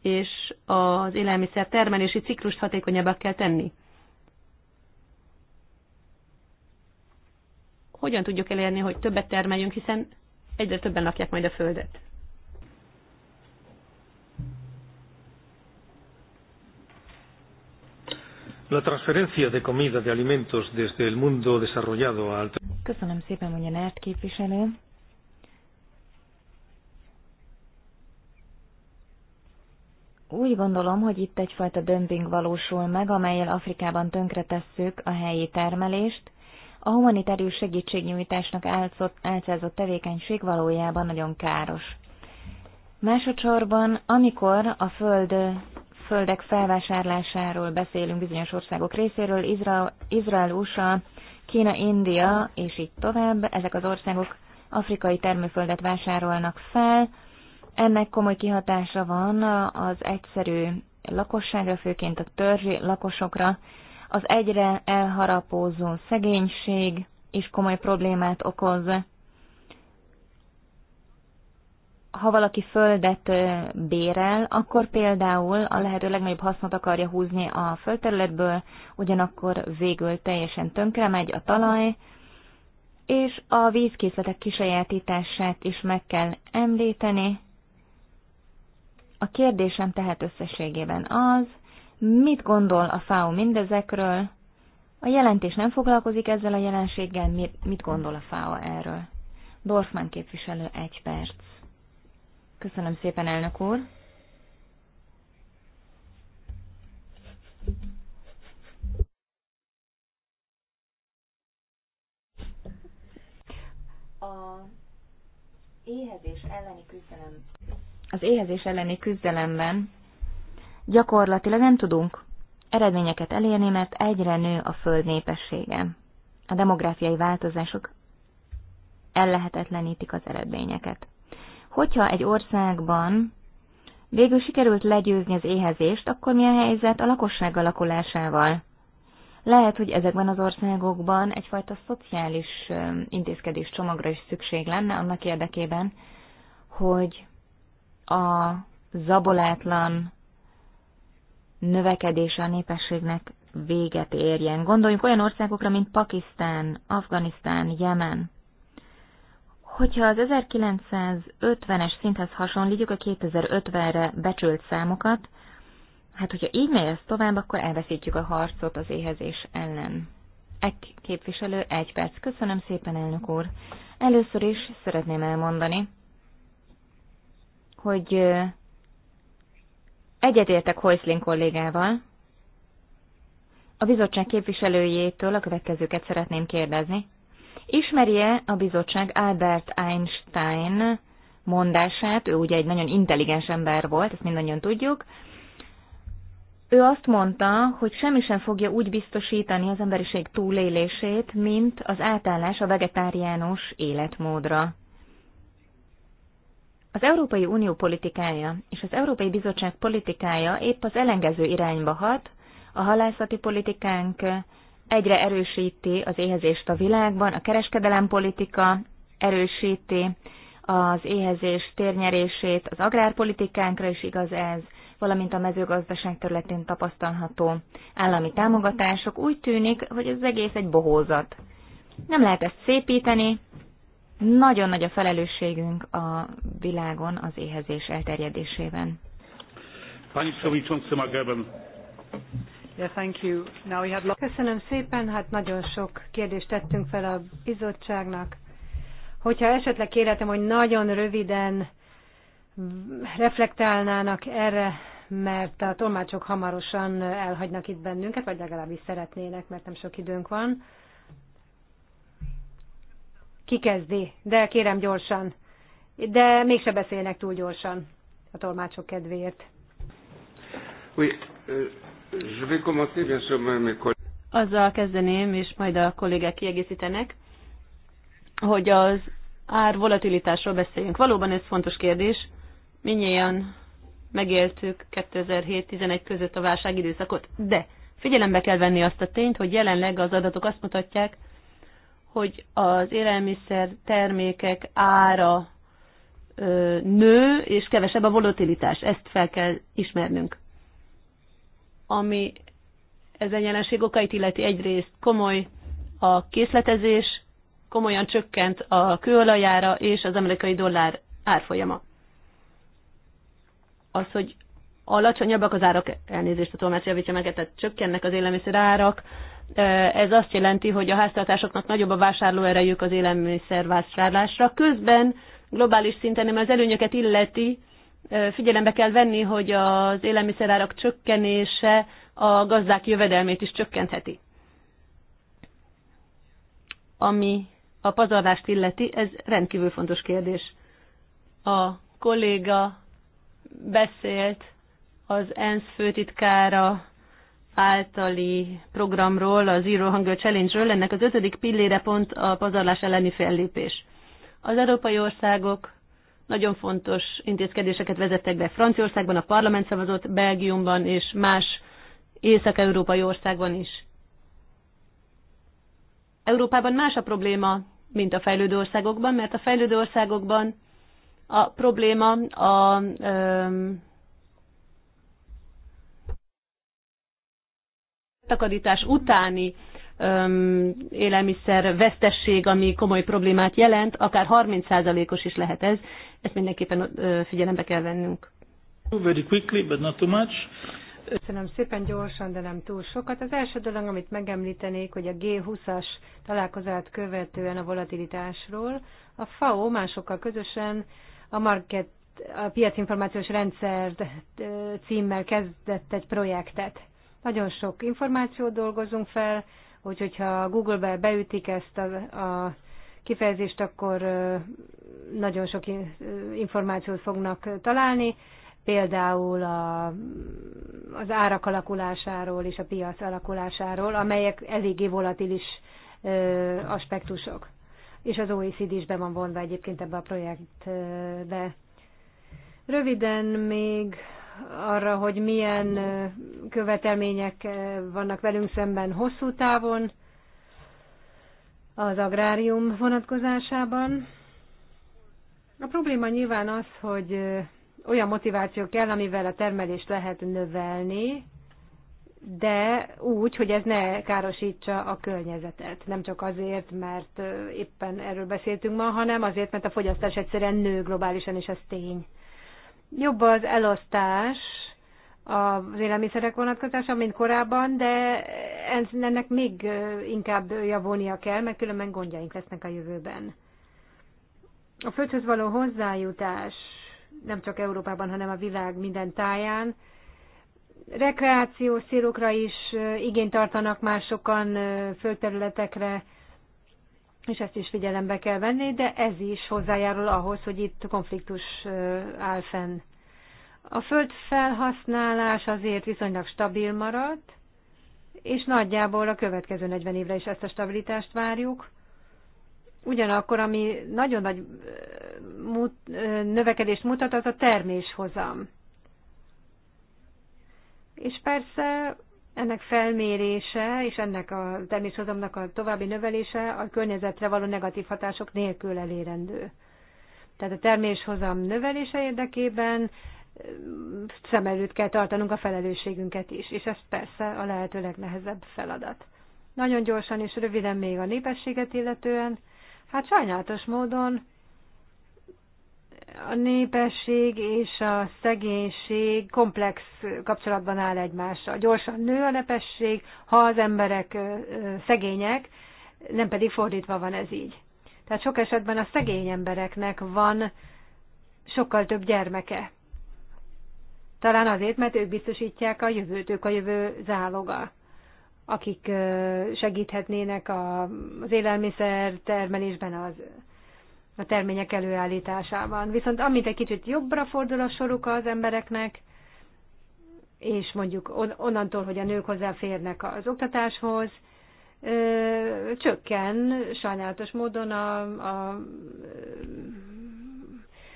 és az élelmiszer termelési ciklust hatékonyabbá kell tenni. Hogyan tudjuk elérni, hogy többet termeljünk, hiszen egyre többen lakják majd a Földet? La transferencia de comida, de alimentos desde el mundo desarrollado al... Köszönöm szépen, a Nárt képviselő. Úgy gondolom, hogy itt egyfajta dömping valósul meg, amelyel Afrikában tönkretesszük a helyi termelést. A humanitárius segítségnyújtásnak álcott, álcázott tevékenység valójában nagyon káros. Másodszorban, amikor a föld, földek felvásárlásáról beszélünk bizonyos országok részéről, Izrael, Izrael, USA, Kína, India és így tovább, ezek az országok afrikai termőföldet vásárolnak fel, ennek komoly kihatása van az egyszerű lakosságra, főként a törzsi lakosokra. Az egyre elharapózó szegénység is komoly problémát okoz. Ha valaki földet bérel, akkor például a lehető legnagyobb hasznot akarja húzni a földterületből, ugyanakkor végül teljesen tönkre megy a talaj, és a vízkészletek kisajátítását is meg kell említeni, a kérdésem tehát összességében az, mit gondol a FAO mindezekről, a jelentés nem foglalkozik ezzel a jelenséggel, mit gondol a FAO erről? Dorfman képviselő, egy perc. Köszönöm szépen, elnök úr. A éhezés elleni küzdelem az éhezés elleni küzdelemben gyakorlatilag nem tudunk eredményeket elérni, mert egyre nő a föld népessége. A demográfiai változások ellehetetlenítik az eredményeket. Hogyha egy országban végül sikerült legyőzni az éhezést, akkor mi a helyzet a lakosság alakulásával? Lehet, hogy ezekben az országokban egyfajta szociális intézkedés csomagra is szükség lenne annak érdekében, hogy a zabolátlan növekedése a népességnek véget érjen. Gondoljunk olyan országokra, mint Pakisztán, Afganisztán, Jemen. Hogyha az 1950-es szinthez hasonlítjuk a 2050-re becsült számokat, hát hogyha így megy ez tovább, akkor elveszítjük a harcot az éhezés ellen. Egy képviselő, egy perc. Köszönöm szépen, elnök úr. Először is szeretném elmondani, hogy egyetértek Hojszlin kollégával. A bizottság képviselőjétől a következőket szeretném kérdezni. Ismerje a bizottság Albert Einstein mondását, ő ugye egy nagyon intelligens ember volt, ezt mindannyian tudjuk. Ő azt mondta, hogy semmi sem fogja úgy biztosítani az emberiség túlélését, mint az átállás a vegetáriánus életmódra. Az Európai Unió politikája és az Európai Bizottság politikája épp az ellenkező irányba hat, a halászati politikánk egyre erősíti az éhezést a világban, a kereskedelem politika erősíti az éhezés térnyerését, az agrárpolitikánkra is igaz ez, valamint a mezőgazdaság területén tapasztalható állami támogatások. Úgy tűnik, hogy ez egész egy bohózat. Nem lehet ezt szépíteni, nagyon nagy a felelősségünk a világon az éhezés elterjedésében. thank you. Köszönöm szépen, hát nagyon sok kérdést tettünk fel a bizottságnak. Hogyha esetleg kérhetem, hogy nagyon röviden reflektálnának erre, mert a tolmácsok hamarosan elhagynak itt bennünket, vagy legalábbis szeretnének, mert nem sok időnk van kikezdi, de kérem gyorsan. De mégse beszélnek túl gyorsan a tolmácsok kedvéért. Oui, euh, je vais commencer bien sûr mes Azzal kezdeném, és majd a kollégák kiegészítenek, hogy az ár volatilitásról beszéljünk. Valóban ez fontos kérdés. Minnyian megéltük 2007-11 között a válságidőszakot, de figyelembe kell venni azt a tényt, hogy jelenleg az adatok azt mutatják, hogy az élelmiszer termékek ára nő, és kevesebb a volatilitás. Ezt fel kell ismernünk. Ami ezen jelenség okait illeti egyrészt komoly a készletezés, komolyan csökkent a kőolajára és az amerikai dollár árfolyama. Az, hogy alacsonyabbak az árak, elnézést a tolmács javítja meg, tehát csökkennek az élelmiszer árak, ez azt jelenti, hogy a háztartásoknak nagyobb a vásárlóerejük az élelmiszer vásárlásra. Közben globális szinten, ami az előnyöket illeti, figyelembe kell venni, hogy az élelmiszerárak csökkenése a gazdák jövedelmét is csökkentheti. Ami a pazarlást illeti, ez rendkívül fontos kérdés. A kolléga beszélt az ENSZ főtitkára általi programról, a Zero Hunger Challenge-ről, ennek az ötödik pillére pont a pazarlás elleni fellépés. Az európai országok nagyon fontos intézkedéseket vezettek be Franciaországban, a parlament szavazott, Belgiumban és más észak-európai országban is. Európában más a probléma, mint a fejlődő országokban, mert a fejlődő országokban a probléma a, a, megtakarítás utáni öm, élelmiszer vesztesség, ami komoly problémát jelent, akár 30%-os is lehet ez. Ezt mindenképpen figyelembe kell vennünk. Very quickly, but not too much. Köszönöm szépen gyorsan, de nem túl sokat. Az első dolog, amit megemlítenék, hogy a G20-as találkozát követően a volatilitásról a FAO másokkal közösen a Market a piacinformációs rendszer címmel kezdett egy projektet. Nagyon sok információt dolgozunk fel, úgyhogy ha Google-be beütik ezt a, a kifejezést, akkor nagyon sok információt fognak találni, például a, az árak alakulásáról és a piac alakulásáról, amelyek eléggé volatilis aspektusok. És az OECD is be van vonva egyébként ebbe a projektbe. Röviden még arra, hogy milyen követelmények vannak velünk szemben hosszú távon az agrárium vonatkozásában. A probléma nyilván az, hogy olyan motiváció kell, amivel a termelést lehet növelni, de úgy, hogy ez ne károsítsa a környezetet. Nem csak azért, mert éppen erről beszéltünk ma, hanem azért, mert a fogyasztás egyszerűen nő globálisan, és ez tény. Jobb az elosztás az élelmiszerek vonatkozása, mint korábban, de ennek még inkább javulnia kell, mert különben gondjaink lesznek a jövőben. A földhöz való hozzájutás nem csak Európában, hanem a világ minden táján. Rekreációs célokra is igényt tartanak másokan földterületekre, és ezt is figyelembe kell venni, de ez is hozzájárul ahhoz, hogy itt konfliktus áll fenn. A föld felhasználás azért viszonylag stabil maradt, és nagyjából a következő 40 évre is ezt a stabilitást várjuk. Ugyanakkor, ami nagyon nagy mut, növekedést mutat, az a terméshozam. És persze ennek felmérése és ennek a terméshozamnak a további növelése a környezetre való negatív hatások nélkül elérendő. Tehát a terméshozam növelése érdekében szem előtt kell tartanunk a felelősségünket is, és ez persze a lehető legnehezebb feladat. Nagyon gyorsan és röviden még a népességet illetően, hát sajnálatos módon a népesség és a szegénység komplex kapcsolatban áll egymással. Gyorsan nő a népesség, ha az emberek szegények, nem pedig fordítva van ez így. Tehát sok esetben a szegény embereknek van sokkal több gyermeke. Talán azért, mert ők biztosítják a jövőt, ők a jövő záloga, akik segíthetnének az élelmiszer termelésben, az a termények előállításában. Viszont amit egy kicsit jobbra fordul a soruk az embereknek, és mondjuk onnantól, hogy a nők hozzáférnek az oktatáshoz, ö, csökken sajnálatos módon a, a,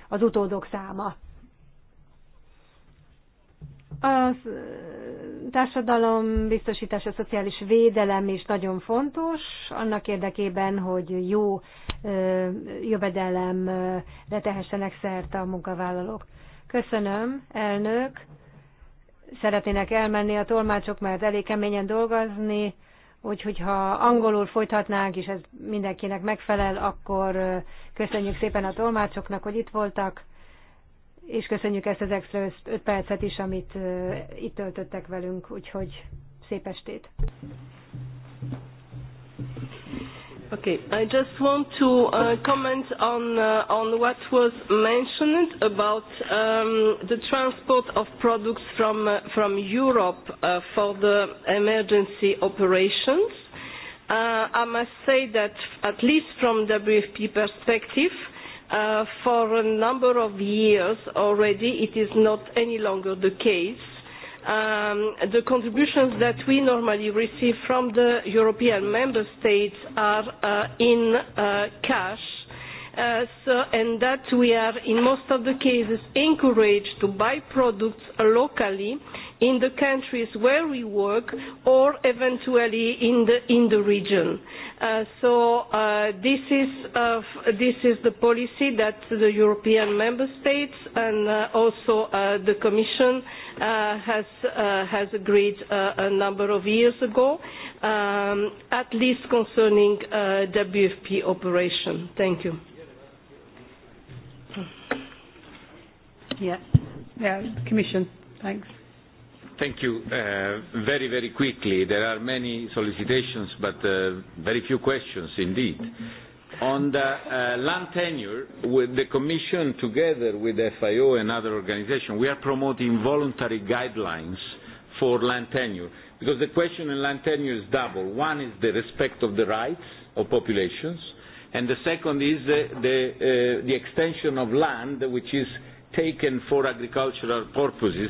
az utódok száma. Az társadalom biztosítása, szociális védelem is nagyon fontos, annak érdekében, hogy jó jövedelem letehessenek szerte a munkavállalók. Köszönöm, elnök. Szeretnének elmenni a tolmácsok, mert elég keményen dolgozni, úgyhogy ha angolul folytatnánk, és ez mindenkinek megfelel, akkor köszönjük szépen a tolmácsoknak, hogy itt voltak és köszönjük ezt az extra 5 percet is, amit itt töltöttek velünk, úgyhogy szép estét! Okay, I just want to uh, comment on uh, on what was mentioned about um, the transport of products from uh, from Europe uh, for the emergency operations. Uh, I must say that at least from WFP perspective, Uh, for a number of years already, it is not any longer the case. Um, the contributions that we normally receive from the European member states are uh, in uh, cash, uh, so, and that we are in most of the cases encouraged to buy products locally uh, in the countries where we work or eventually in the, in the region. Uh, so uh, this, is, uh, this is the policy that the European member states and uh, also uh, the Commission uh, has, uh, has agreed uh, a number of years ago, um, at least concerning uh, WFP operation. Thank you. Yeah. Yeah, Commission. Thanks. Thank you. Uh, very, very quickly, there are many solicitations, but uh, very few questions indeed. On the uh, land tenure, with the Commission together with FIO and other organizations, we are promoting voluntary guidelines for land tenure. Because the question in land tenure is double. One is the respect of the rights of populations, and the second is the, the, uh, the extension of land which is taken for agricultural purposes